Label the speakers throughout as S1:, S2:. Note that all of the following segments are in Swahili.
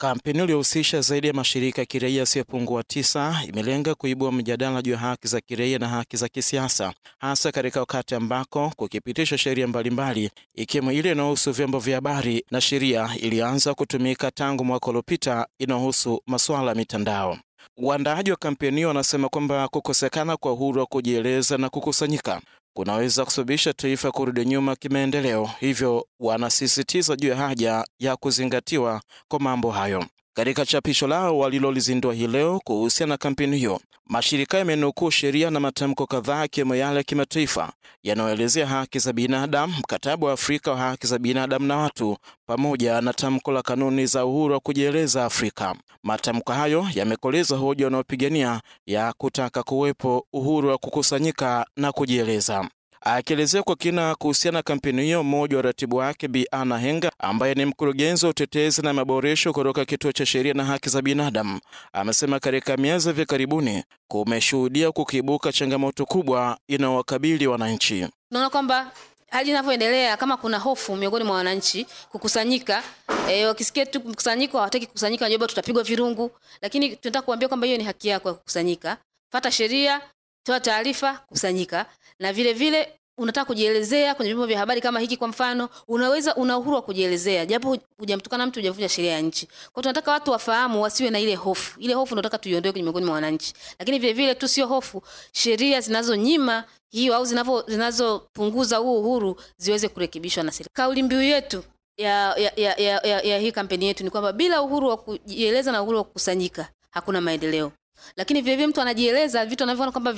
S1: Kampeni iliyohusisha zaidi ya mashirika ya kiraia yasiyopungua tisa imelenga kuibua mjadala juu ya haki za kiraia na haki za kisiasa, hasa katika wakati ambako kukipitisha sheria mbalimbali ikiwemo ile inayohusu vyombo vya habari na sheria ilianza kutumika tangu mwaka uliopita inayohusu masuala ya mitandao. Waandaaji wa kampeni hiyo wanasema kwamba kukosekana kwa uhuru wa kujieleza na kukusanyika kunaweza kusababisha taifa kurudi nyuma kimaendeleo, hivyo wanasisitiza juu ya haja ya kuzingatiwa kwa mambo hayo. Katika chapisho lao walilolizindua hii leo kuhusiana na kampeni hiyo, mashirika yamenukuu sheria na matamko kadhaa yakiwemo yale ya kimataifa yanayoelezea haki za binadamu, mkataba wa Afrika wa haki za binadamu na watu, pamoja na tamko la kanuni za uhuru wa kujieleza Afrika. Matamko hayo yamekoleza hoja wanayopigania ya kutaka kuwepo uhuru wa kukusanyika na kujieleza. Akielezea kwa kina kuhusiana na kampeni hiyo, mmoja wa ratibu wake Bi Ana Henga, ambaye ni mkurugenzi wa utetezi na maboresho kutoka Kituo cha Sheria na Haki za Binadamu, amesema katika miezi hivi karibuni kumeshuhudia kukiibuka changamoto kubwa inayowakabili wananchi.
S2: Naona kwamba hali inavyoendelea, kama kuna hofu miongoni mwa wananchi kukusanyika, e, wakisikia tu mkusanyiko hawataki kukusanyika, wanaomba tutapigwa virungu, lakini tunataka kuambia kwamba hiyo ni haki yako ya kukusanyika. Fata sheria, toa taarifa, kusanyika na vile vile unataka kujielezea kwenye vyombo vya habari kama hiki kwa mfano, unaweza una uhuru wa kujielezea, japo hujamtukana mtu, hujavunja sheria ya nchi. Kwa tunataka watu wafahamu, wasiwe na ile hofu. Ile hofu tunataka tuiondoe kwenye miongoni mwa wananchi, lakini vile vile tu sio hofu, sheria zinazonyima hiyo au zinazo zinazopunguza huo uhuru ziweze kurekebishwa na serikali. Kauli mbiu yetu ya, ya, ya, ya, ya, ya hii kampeni yetu ni kwamba bila uhuru wa kujieleza na uhuru wa kukusanyika hakuna maendeleo lakini vilevile mtu anajieleza vitu anavyoona kwamba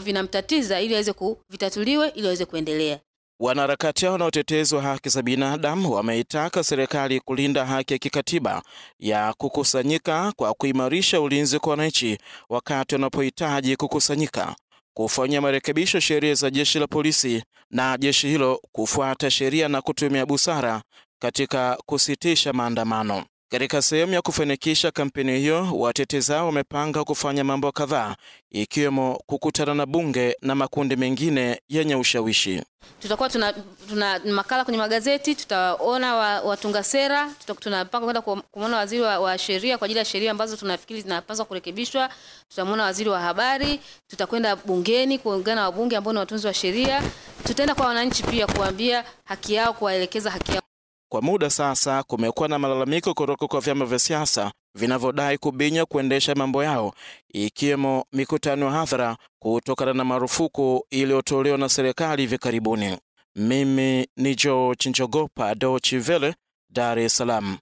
S2: vinamtatiza vina ili aweze kuvitatuliwe ili aweze kuendelea.
S1: Wanaharakati hao wanaotetezi wa haki za binadamu wameitaka serikali kulinda haki ya kikatiba ya kukusanyika kwa kuimarisha ulinzi kwa wananchi wakati wanapohitaji kukusanyika, kufanyia marekebisho sheria za jeshi la polisi na jeshi hilo kufuata sheria na kutumia busara katika kusitisha maandamano. Katika sehemu ya kufanikisha kampeni hiyo, watetezi hao wamepanga kufanya mambo kadhaa, ikiwemo kukutana na bunge na makundi mengine yenye ushawishi.
S2: Tutakuwa tuna, tuna makala kwenye magazeti, tutaona wa, watunga sera, tunapanga kwenda kumwona waziri wa, wa sheria kwa ajili ya sheria ambazo tunafikiri zinapaswa kurekebishwa. Tutamwona waziri wa habari, tutakwenda bungeni kuungana na wabunge ambao ni watunzi wa sheria. Tutaenda kwa wananchi pia kuambia haki yao, kuwaelekeza haki yao.
S1: Kwa muda sasa kumekuwa na malalamiko kutoka kwa vyama vya siasa vinavyodai kubinya kuendesha mambo yao ikiwemo mikutano ya hadhara kutokana na marufuku iliyotolewa na serikali hivi karibuni. Mimi ni George Njogopa, Dochi Vele, Dar es Salaam.